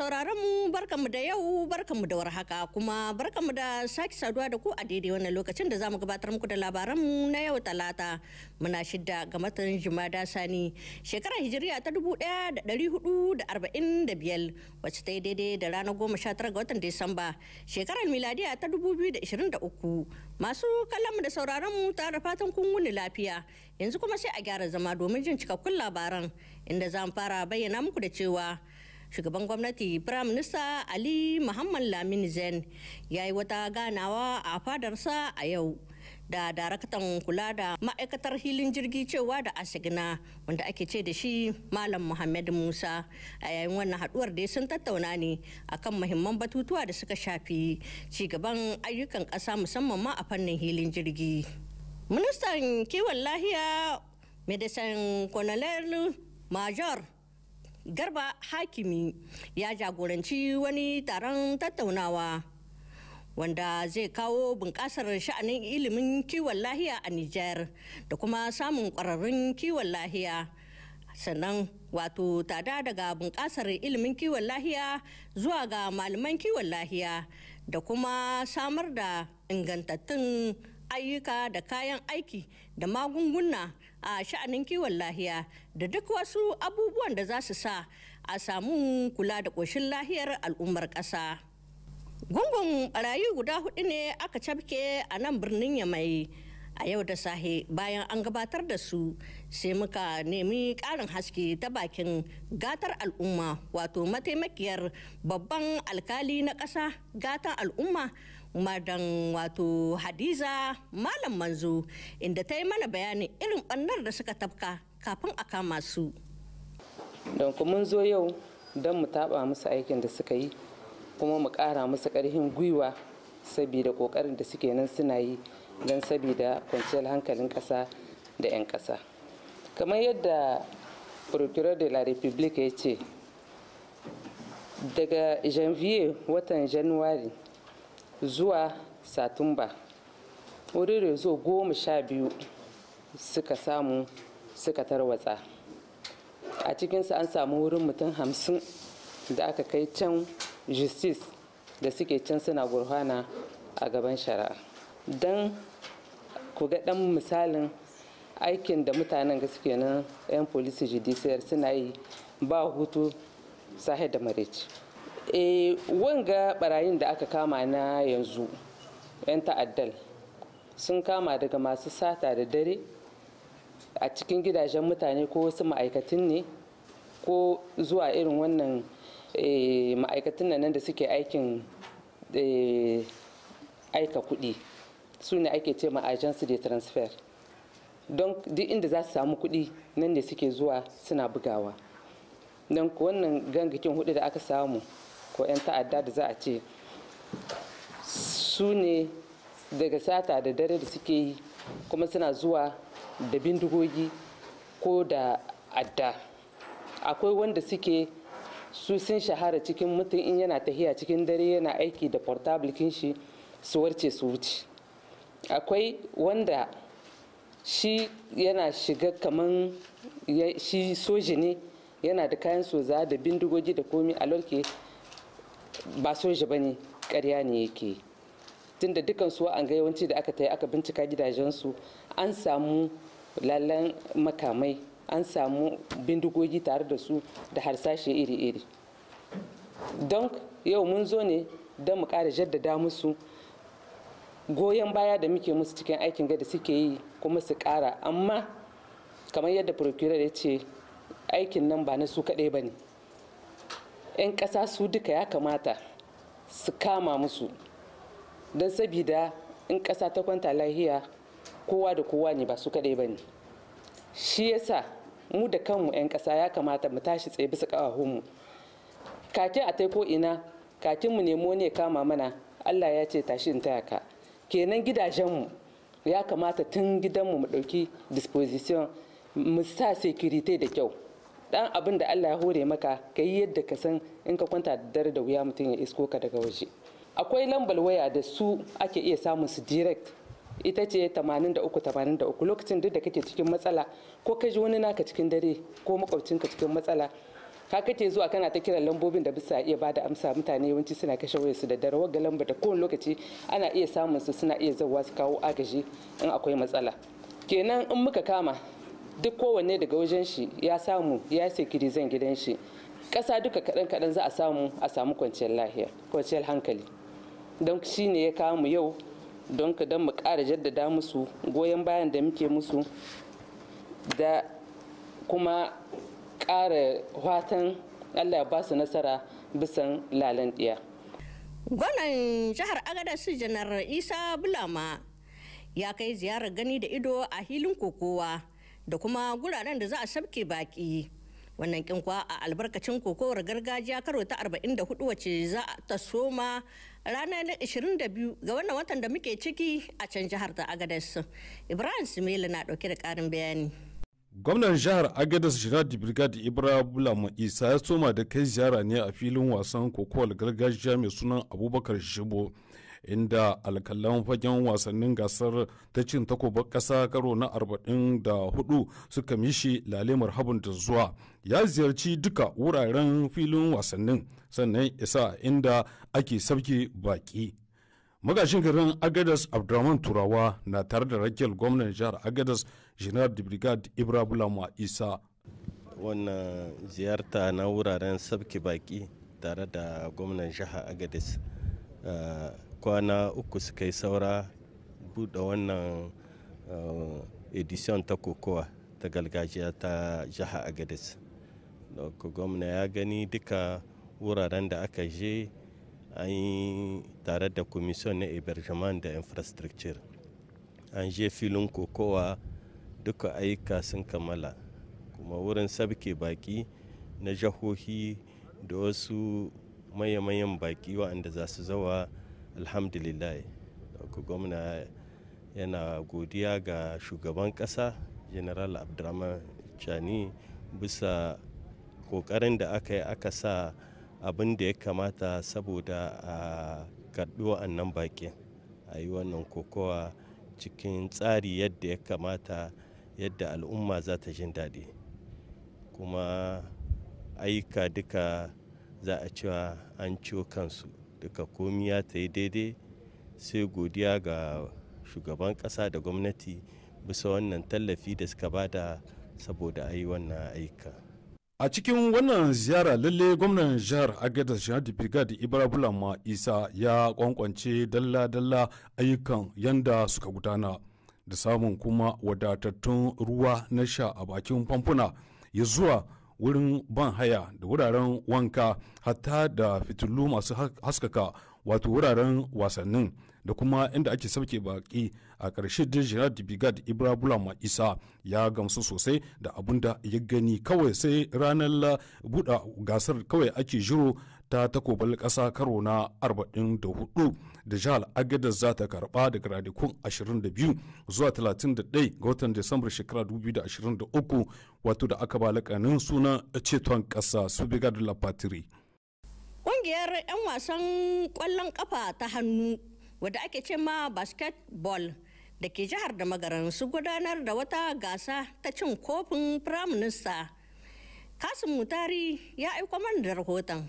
sauraron mu barkanmu da yau barkanmu da warhaka kuma barkanmu da sake saduwa da ku a daidai wannan lokacin da zamu gabatar muku da labaran mu na yau talata muna shidda ga matan jumada sani shekarar hijiriya ta 1445 wacce ta yi daidai da ranar tara ga watan disamba shekarar miladiya ta 2023 masu kallon mu da sauraron mu ta da fatan kun wuni lafiya yanzu kuma sai a gyara zama domin jin cikakkun labaran inda zan fara bayyana muku da cewa shugaban gwamnati prime minister ali muhammad lamini zain ya yi wata ganawa a fadarsa a yau da daraktan kula da ma'aikatar hilin jirgi cewa da asigina wanda ake ce da shi malam muhammad musa a yayin wannan haduwar da sun tattauna ne akan muhimman batutuwa da suka shafi cigaban ayyukan ƙasa musamman ma a fannin hilin jirgi ministan kiwon lahiya medicine colonel major garba hakimi ya jagoranci wani taron tattaunawa wanda zai kawo bunƙasar sha'anin ilimin kiwon lahiya a niger da kuma samun ƙwararrun kiwon lahiya sannan wato tada daga bunƙasar ilimin kiwon lahiya zuwa ga malaman kiwon lahiya da kuma samar da ingantattun ayyuka da kayan aiki da magunguna a sha'anin kiwon lahiya da duk wasu abubuwan da za su sa a samu kula da ƙoshin lahiyar al'ummar ƙasa. Gungun ɓarayi guda hudu ne aka cafke a nan birnin Yamai a yau da sahe bayan an gabatar da su sai muka nemi ƙarin haske ta bakin gatar al'umma wato mataimakiyar babban alkali na ƙasa gatan al'umma madan wato hadiza malam manzo inda ta yi mana bayanin irin ɓannar da suka tafka kafin a kama su don mun zo yau don mu taba musu aikin da suka yi kuma mu kara musu karfin gwiwa saboda kokarin da suke nan suna yi don saboda kwanciyar hankalin kasa da 'yan kasa kamar yadda procureur de la republique ya ce daga janvier watan januari zuwa satumba wurin rezo goma sha biyu suka samu suka tarwatsa a cikinsu an samu wurin mutum hamsin da aka kai can justice da suke can suna gurhana a gaban shari'a don ku ga dan misalin aikin da mutanen ga suke nan 'yan polisi judiciary suna yi ba hutu sahi da marici e eh, wanga barayin da aka kama na yanzu 'yan ta'addal sun kama daga masu sata da dare a cikin gidajen mutane ko wasu ma'aikatan ne ko zuwa irin wannan eh, ma'aikatan nan da suke aikin eh, aika kuɗi su ne ake ce ma de transfer don duk inda za su samu kuɗi nan ne suke zuwa suna bugawa don wannan gangakin hudu da aka samu ko 'yan ta'adda da za a ce su ne daga sata da dare da suke yi kuma suna zuwa da bindigogi ko da adda akwai wanda suke su sun shahara cikin mutum in yana tahiya cikin dare yana aiki da portable shi su warce su wuce akwai wanda shi yana shiga kaman shi soji ne yana da kayan soza da bindigogi da komi a lorke ba soji ba ne karya ne yake tunda dukansu an ga yawanci da aka ta aka bincika gidajensu an samu lallan makamai an samu bindigogi tare da su da harsashe iri-iri don yau mun zo ne don mu ƙara jaddada musu goyon baya da muke musu cikin aikin gada suke yi kuma su ƙara amma kamar yadda procurator ya ce aikin nan ba na su kaɗai ba ne 'yan ƙasa su duka ya kamata su kama musu don sabida in ƙasa ta kwanta lahiya kowa da kowa ne ba su kaɗai ba ne shi yasa mu da kanmu 'yan ƙasa ya kamata mu tashi tsaye bisa mu kakin a ko ina kakin mu nemo ne kama mana allah ya ce tashi in taya ka kenan gidajenmu ya kamata tun gidanmu mu ɗauki disposition mu sa security da kyau dan abin da allah ya hore maka ka yi yadda ka san in ka kwanta da dare da wuya mutum ya isko ka daga waje akwai lambar waya da su ake iya samun su direct ita ce 83-83 lokacin duk da kake cikin matsala ko ka ji wani naka cikin dare ko makwabcinka cikin matsala ka kake zuwa kana ta kiran lambobin da bisa iya bada amsa mutane yawanci suna kashe wayar su da dare wagga lamba da kowane lokaci ana iya samun su suna iya zawa su kawo agaji in akwai matsala kenan in muka kama duk kowanne daga wajen shi ya samu ya sekiri zan gidan shi kasa duka kadan kadan za a samu a samu kwanciyar lahiya kwanciyar hankali don shi ne ya mu yau don ka mu ƙara jaddada musu goyon bayan da muke musu da kuma ƙara watan allah ba su nasara bisan lalan ɗiya. gwanan jihar agadas janar isa bulama ya kai ziyarar gani da ido a hilin kokowa da kuma guraren da za a sabke baki wannan kin kwa a albarkacin kokowar gargajiya karo ta 44 wacce za ta soma ranar 22 ga wannan watan da muke ciki a can jihar ta agadas ibrahim simeli na dauke da karin bayani gwamnan jihar agadas shiradi brigade ibrahim bulama isa ya soma da kai ziyara ne a filin wasan kokowar gargajiya mai sunan abubakar shibo inda alkalan fagen wasannin gasar ta cin takobar kasa karo na 44 suka mishi lalemar habun da zuwa ya ziyarci duka wuraren filin wasannin sannan isa inda ake sabke baki magashin garin agadas abdurrahman turawa na tare da rakiyar gwamnan jihar agadas general de brigade ibrahim isa wannan ziyarta na wuraren sabki baki tare da gwamnan jihar agadis eh, kwana uku suka yi saura buɗe wannan eh, edition ta kokowa ta gargajiya ta jiha agadez gwamna ya gani duka wuraren da aka je an yi tare da commission na iberjaman da infrastructure an je filin kokowa duka ayyuka sun kammala kuma wurin sabke baki na jahohi da wasu maye-mayen baki waɗanda za su zawa alhamdulillah gwamna yana godiya ga shugaban kasa general abdurrahman chani bisa ƙoƙarin da aka yi aka sa abin da ya kamata saboda a karɓi wa'annan baƙi a yi wannan kokowa cikin tsari yadda ya kamata yadda al'umma za ta jin daɗi kuma ayyuka duka za a cewa an ciwo kansu duka komi ya ta yi daidai sai godiya ga shugaban ƙasa da gwamnati bisa wannan tallafi da suka bada saboda a yi wannan aika. a cikin wannan ziyara lalle gwamnan jihar agada shahadu brigade ibrahim isa ya kwankwance dalla-dalla ayyukan yanda suka gudana da samun kuma wadatattun ruwa na sha a bakin famfuna ya zuwa wurin ban haya da wuraren wanka hatta da fitilu masu haskaka wato wuraren wasannin da kuma inda ake sauke baki a ƙarshe da gerard bigad ibra bulama isa ya gamsu sosai da abun da ya gani kawai sai ranar buɗa gasar kawai ake jiro ta takobar ƙasa karo na 44 da jihar agadez za ta karba daga ranakun 22 zuwa 31 ga watan disambar shekara 2023 wato da aka ba lakanin suna ceton ƙasa su biga da la kungiyar 'yan wasan ƙwallon ƙafa ta hannu wadda ake ce ma basketball da ke jihar da magaran su gudanar da wata gasa ta cin kofin firaminista kasim mutari ya aiko mana da rahoton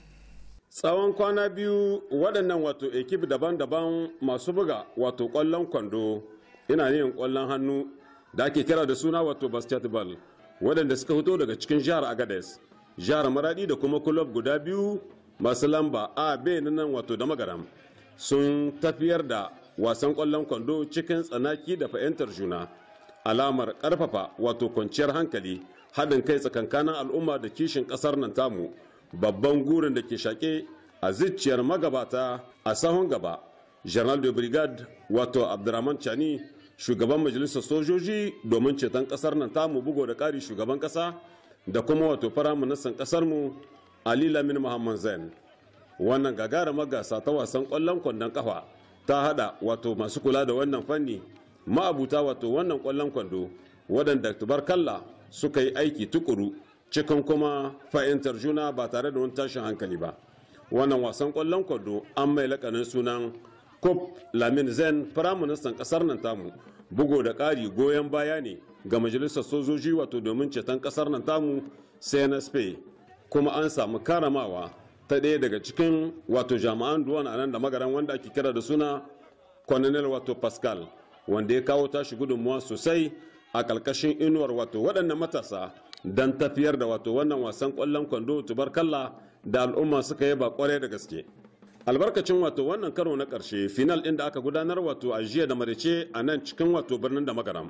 tsawon kwana biyu waɗannan wato ekip daban-daban masu buga wato ƙwallon kwando ina yin ƙwallon hannu da ake kira da suna wato basketball waɗanda suka fito daga cikin jihar agades jihar maradi da kuma kulob guda biyu masu lamba a b nan wato da magaram sun tafiyar da wasan ƙwallon kwando cikin tsanaki da fahimtar juna alamar ƙarfafa wato kwanciyar hankali haɗin kai tsakankanin al'umma da kishin ƙasar nan tamu babban gurin da ke shaƙe a zuciyar magabata a sahun gaba general de brigade wato abdurrahman chani shugaban majalisar sojoji domin ceton kasar nan tamu bugo da ƙari shugaban ƙasa da kuma wato ministan ƙasar mu ali lamin muhammad zain wannan gagarumar gasa ta wasan ƙwallon kwandon kafa ta hada wato masu kula da wannan fanni ma'abuta wato wannan kwallon kwando waɗanda kalla suka yi aiki tukuru cikin kuma fahimtar juna ba tare da wani tashin hankali ba wannan wasan kwallon kwado an mai lakanin sunan cop lamin zen firaministan kasar nan tamu bugo da ƙari goyon baya ne ga majalisar sojoji wato domin ceton kasar nan tamu cnsp kuma an samu karamawa ta ɗaya daga cikin wato jami'an duwan a nan da magaran wanda ake kira da suna colonel wato pascal wanda ya kawo tashi gudunmuwa sosai a ƙarƙashin inuwar wato waɗannan matasa don tafiyar da wato wannan wasan kwallon kwando tubarkalla da al'umma suka yaba kwarai da gaske albarkacin wato wannan karo na karshe final ɗin da aka gudanar wato a jiya da marice a nan cikin wato birnin da magaram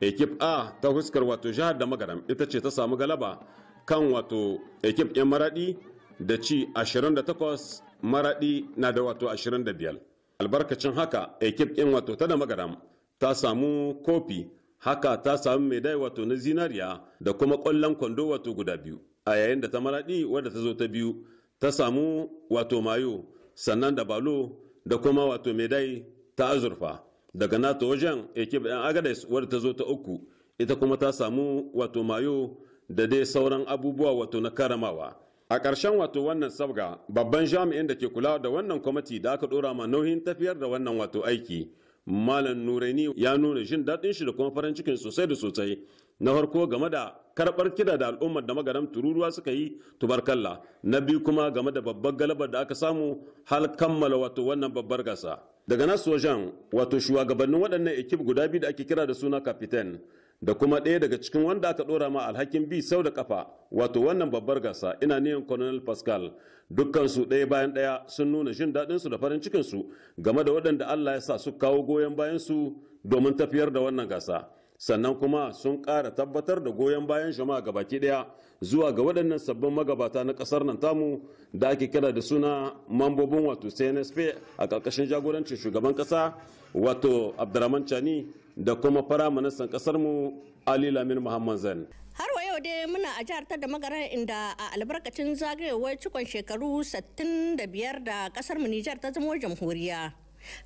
ekip a ta huskar wato jihar da magaram ita ce ta samu galaba kan wato ekip yan maradi da ci 28 maradi na da wato 25 albarkacin haka ekip 'yan wato ta da magaram ta samu kofi haka ta samu mai wato na zinariya da kuma kwallon kwando wato guda biyu a yayin da ta maraɗi wadda ta zo ta biyu ta samu wato mayo sannan da balo da kuma wato medai ta azurfa daga nato wajen ekip ɗan agades wadda ta zo ta uku ita kuma ta samu wato mayo da dai sauran abubuwa wato na karamawa a ƙarshen wato wannan sabga babban jami'in da ke kula da wannan kwamiti da aka ɗora ma nauyin tafiyar da wannan wato aiki malam nuraini ya nuna jin daɗin shi da kuma farin cikin sosai da sosai na farko game da karɓar kida da al'ummar da magaram tururuwa suka yi tubarkalla na biyu kuma game da babbar galabar da aka samu hal kammala wato wannan babbar gasa daga nasu wajen wato shugabannin waɗannan ekip guda biyu da ake kira da suna kapitan da kuma ɗaya daga cikin wanda aka ɗora ma alhakin bi sau da kafa wato wannan babbar gasa ina neman colonel pascal dukkansu ɗaya bayan ɗaya sun nuna jin su da farin cikin su game da waɗanda allah ya sa su kawo goyon bayansu domin tafiyar da wannan gasa sannan kuma sun ƙara tabbatar da goyon bayan jama'a ga baki ɗaya zuwa ga waɗannan sabbin magabata na ƙasar nan tamu da ake kira da suna mambobin wato cnsp a ƙarƙashin jagorancin shugaban ƙasa wato abdurrahman chani da kuma fara kasar mu ali Lamir muhammad zan har wa yau dai muna a jihar ta da magaran inda a albarkacin zagayowar cikon shekaru 65 da kasar mu Nijar ta zama jamhuriya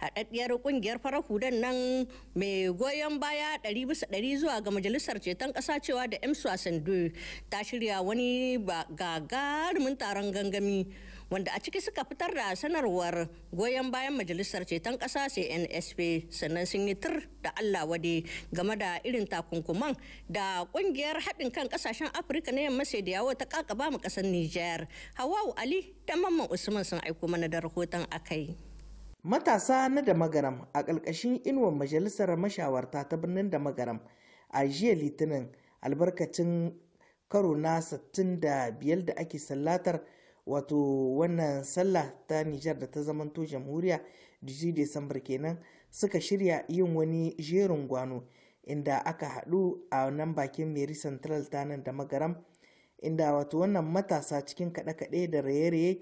haɗaɗɗiyar ƙungiyar farar hudan nan mai goyon baya 100 bisa 100 zuwa ga majalisar ceton ƙasa cewa da 'yan sandu ta shirya wani gagarumin taron gangami wanda a ciki suka fitar da sanarwar goyon bayan majalisar ceton ƙasa cnsp sannan sun yi tur da allah wade game da irin takunkuman da kungiyar haɗin kan ƙasashen afirka na yamma sai da yawo ta kakaba mu ƙasar niger hawau ali da mamman usman sun aiko mana da rahoton akai. matasa na da magaram a ƙarƙashin inuwar majalisar mashawarta ta birnin da magaram a jiya litinin albarkacin karo na 65 da ake sallatar wato wannan sallah ta nijar da ta zamanto jamhuriya 10 desambar kenan suka shirya yin wani jerin gwano inda aka haɗu a nan bakin mary central ta nan da magaram inda wato wannan matasa cikin kaɗe-kaɗe da raye-raye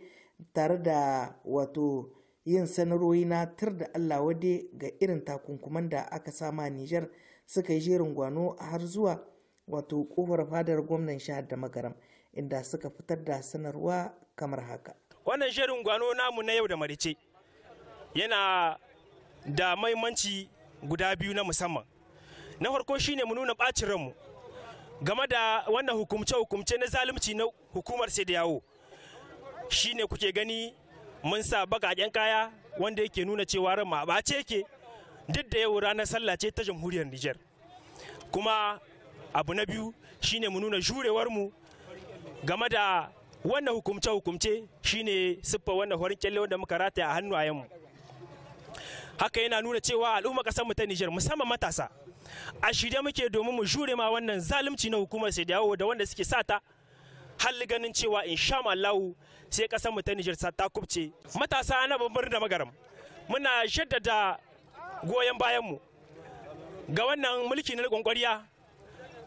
tare da wato yin sanarwoyi na tur da allah wade ga irin takunkuman da aka sama nijar suka yi jerin gwano har zuwa wato kofar fadar gwamnan sha da magaram inda suka fitar da sanarwa kamar haka wannan shirin gwano namu na yau da marice yana da maimanci guda biyu na musamman na farko shine mu nuna bacin ranmu game da wannan hukumce-hukumce na zalunci na hukumar sai da yawo shine kuke gani mun sa bagaƙen kaya wanda yake nuna cewa ran ma ɓace yake duk da yau ranar sallah ce ta jamhuriyar Nijar kuma abu na biyu shine mu nuna jurewar mu game da wannan hukumce hukumce shine siffa wannan horin kyalle wanda muka rataya a hannu a yamma haka yana nuna cewa al'umma kasar mu ta Nijar musamman matasa a shirye muke domin mu jure ma wannan zalunci na hukumar sai dawo da wanda suke sata hali ganin cewa insha Allah sai kasar mu ta Nijar ta kubce matasa ana babbar da magaram muna shaddada goyon bayan mu ga wannan mulki na kwankwariya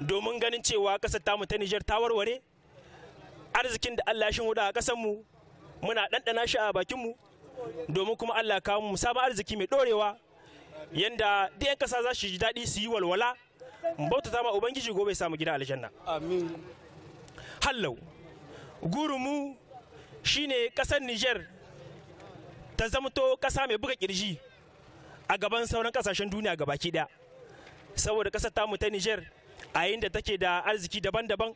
domin ganin cewa kasar mu ta Nijar ta warware arzikin da Allah shi da a ƙasar mu muna ɗanɗana shi a bakin mu domin kuma Allah kawo mu sabon arziki mai ɗorewa yanda duk 'yan ƙasa za su ji daɗi su yi walwala mu bautata ma ubangiji gobe samu gida aljanna amin hallau shi shine ƙasar Niger ta zamto ƙasa mai buga kirji a gaban sauran kasashen duniya gabaki ɗaya saboda ƙasar tamu ta Niger a yayin da take da arziki daban-daban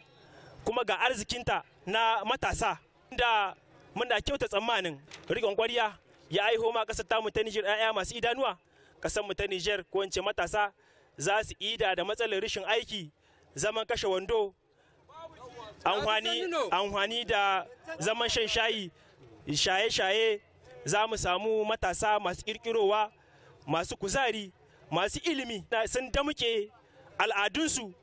kuma ga arzikinta na matasa da muna kyauta tsammanin rigon kwariya ya aiho ma kasar tamu ta Nijar 'ya'ya masu idanuwa kasar mu ta Nijar ko in matasa za su ida da matsalar rashin aiki zaman kashe wando anhwani da zaman shan shayi shaye-shaye za mu samu matasa masu ƙirƙirowa masu kuzari masu ilimi sun damuke al'adunsu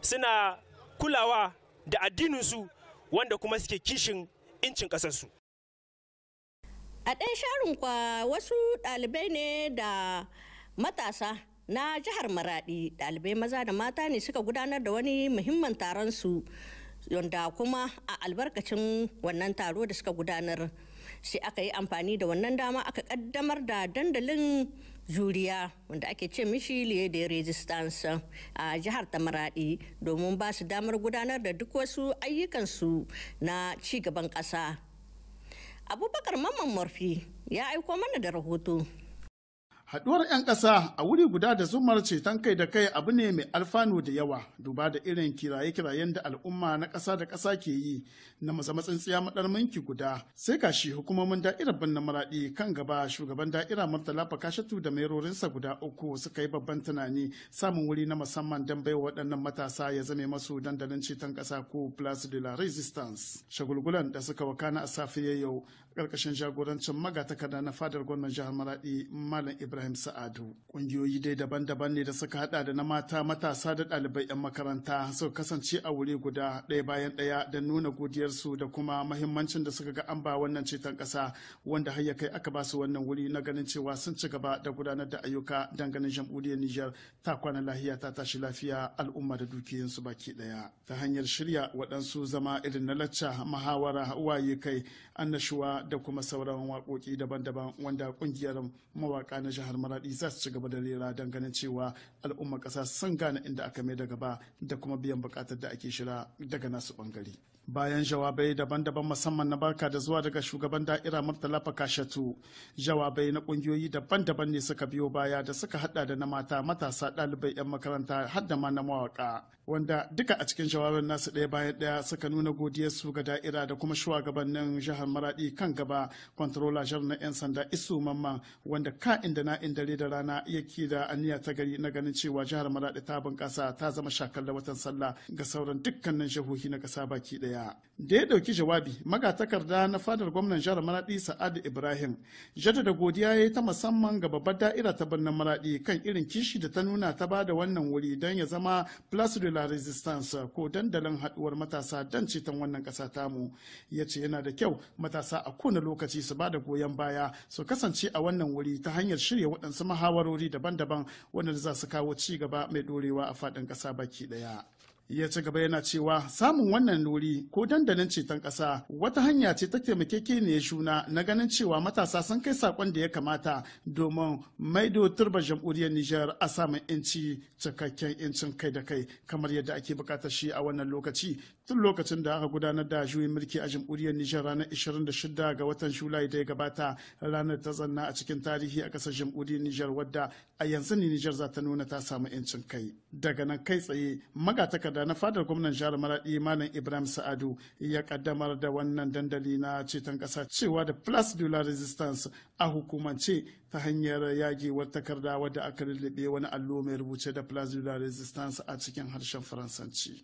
suna kulawa da addininsu wanda kuma suke kishin incin ƙasarsu. A ɗan sharin kwa wasu ɗalibai ne da matasa na jihar Maraɗi ɗalibai maza da mata ne suka gudanar da wani muhimmin taron su wanda kuma a albarkacin wannan taro da suka gudanar sai aka yi amfani da wannan dama aka ƙaddamar da dandalin juriya wanda ake ce mishi liye resistance a jihar tamaradi domin ba su damar gudanar da duk wasu ayyukansu na cigaban kasa abubakar mamman murfi ya aiko mana da rahoto Haɗuwar 'yan ƙasa a wuri guda da zumar ceton kai da kai abu ne mai alfanu da yawa duba da irin kiraye-kirayen da al'umma na ƙasa da ƙasa ke yi na mazama tsintsiya maɗar minki guda sai kashi hukumomin da'irar birnin maraɗi kan gaba shugaban da'ira murtala fakashatu da merorinsa guda uku suka yi babban tunani samun wuri na musamman don baiwa waɗannan matasa ya zame masu dandalin ceton ƙasa ko place de la resistance shagulgulan da suka wakana a safiyar yau karkashin jagorancin magatakarda na fadar gwamnan jihar Maradi Malam Ibrahim Sa'adu. Kungiyoyi dai daban-daban ne da suka hada da na mata matasa da ɗalibai 'yan makaranta suka kasance a wuri guda ɗaya bayan ɗaya da nuna godiyarsu da kuma mahimmancin da suka ga an ba wannan ceton ƙasa wanda har ya kai aka ba su wannan wuri na ganin cewa sun ci gaba da gudanar da ayyuka ganin jamhuriyar Nijar ta kwana lahiya ta tashi lafiya al'umma da dukiyansu baki ɗaya. Ta hanyar shirya waɗansu zama irin na lacca mahawara waye kai annashuwa da kuma sauran waƙoƙi daban-daban wanda ƙungiyar mawaƙa na jihar Maradi za su ci gaba da rera don ganin cewa al'umma ƙasa sun gane inda aka mai da gaba da kuma biyan buƙatar da ake shira daga nasu ɓangare. bayan jawabai daban-daban musamman na barka da zuwa daga shugaban da'ira murtala fakashatu jawabai na kungiyoyi daban-daban ne suka biyo baya da suka hada da na mata matasa ɗalibai 'yan makaranta har da ma na mawaka wanda duka a cikin jawabin nasu ɗaya bayan ɗaya suka nuna godiyar su ga da'ira da kuma shugabannin jihar maradi kan gaba kwantarola jar na 'yan sanda isu mamman wanda ka inda na inda da rana yake da aniya ta gari na ganin cewa jihar maradi ta bunƙasa ta zama shakar da watan sallah ga sauran dukkanin jihohi na kasa baki ɗaya da ya ɗauki jawabi magatakarda na fadar gwamnan jihar maradi sa'adu ibrahim jada da godiya ya yi ta musamman ga babbar da'ira ta birnin maradi kan irin kishi da ta nuna ta bada wannan wuri don ya zama place de la resistance ko dandalin haɗuwar matasa don ceton wannan ƙasa tamu ya ce yana da kyau matasa a kowane lokaci su bada goyon baya su kasance a wannan wuri ta hanyar shirya waɗansu mahawarori daban-daban wanda za su kawo ci gaba mai ɗorewa a faɗin ƙasa baki ɗaya. ya ci gaba yana cewa samun wannan wuri ko dandalin ceton ƙasa wata hanya ce ta ya shuna na ganin cewa matasa sun kai sakon da ya kamata domin maido turba jamhuriyar Nijar a samun 'yanci cikakken 'yancin kai da kai kamar yadda ake bukatar shi a wannan lokaci tun lokacin da aka gudanar da juyin mulki a jamhuriyar Nijar ranar 26 ga watan Julai da ya gabata ranar ta zanna a cikin tarihi a kasar jamhuriyar Nijar wadda a yanzu ne Nijar za ta nuna ta samu 'yancin kai. Daga nan kai tsaye magatakarda na fadar gwamnan jihar Maradi Malam Ibrahim Sa'adu ya kaddamar da wannan dandali na ceton kasa cewa da Plus Dollar Resistance a hukumance ta hanyar yagewar takarda wadda aka lullube wani allo mai rubuce da Plus Dollar Resistance a cikin harshen Faransanci.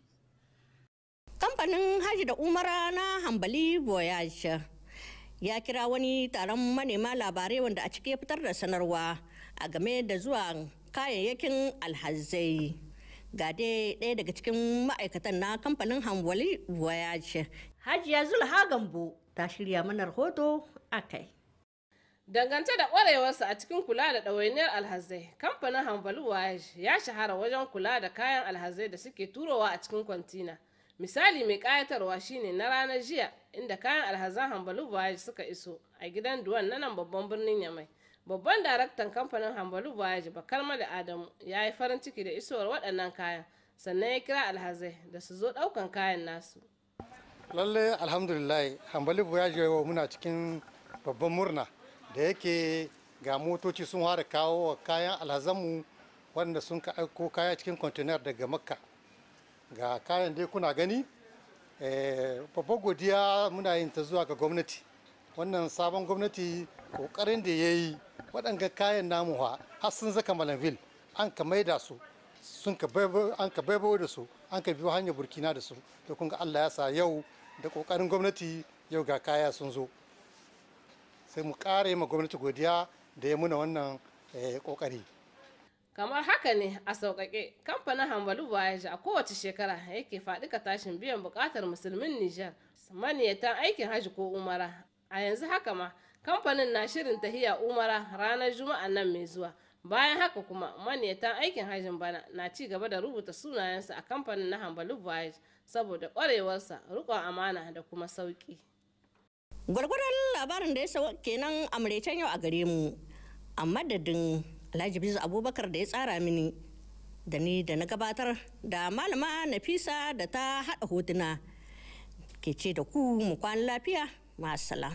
kamfanin Haji da umara na hambali voyage ya kira wani taron manema labarai wanda a cike fitar da sanarwa a game da zuwa kayayyakin alhazai ga ɗaya daga cikin ma'aikatan na kamfanin hambali voyage zula zulha gambo ta shirya mana rahoto a kai dangance da ƙwarewarsa a cikin kula da ɗawainiyar alhazai kamfanin hanvalu voyage ya shahara wajen kula da kayan alhazai da suke turowa a cikin kwantina misali mai kayatarwa shine na ranar jiya inda kayan alhazan hambalu voyage suka iso a gidan duwan na nan babban birnin yamai babban daraktan kamfanin hambalu voyage bakar mali adamu ya yi farin ciki da isowar waɗannan kayan sannan ya kira alhazai da su zo ɗaukan kayan nasu lalle alhamdulillah hambalu voyage yau muna cikin babban murna da yake ga motoci sun fara kawo wa kayan alhazanmu wanda sun ka aiko kaya cikin kontainer daga makka ga kayan dai kuna gani eh, babbar godiya muna yin ta zuwa ga gwamnati wannan sabon gwamnati kokarin da ya yi waɗanga kayan namu har sun zaka malamville an ka maida su an ka baibayo da su an ka biyo hanyar burkina da su da kun ga allah ya sa yau da kokarin gwamnati yau ga kaya sun zo sai mu ƙara ma gwamnati godiya da ya muna wannan kokari eh, kamar haka ne a sauƙaƙe kamfanin hambalu voyage a kowace shekara yake faɗi ka tashin biyan buƙatar musulmin nijar maniyatan aikin hajji ko umara a yanzu haka ma kamfanin na shirin tahiya umara ranar juma'a nan mai zuwa bayan haka kuma maniyatan aikin hajjin bana na ci gaba da rubuta sunayensa a kamfanin na hambalu voyage saboda ƙwarewarsa riƙon amana da kuma sauƙi gwargwaron labarin da ya kenan a yau a gare mu a madadin alhaji bisu abubakar da ya tsara mini da ni da na gabatar da malama nafisa da ta haɗa hotuna ke ce da ku mu kwana lafiya masala.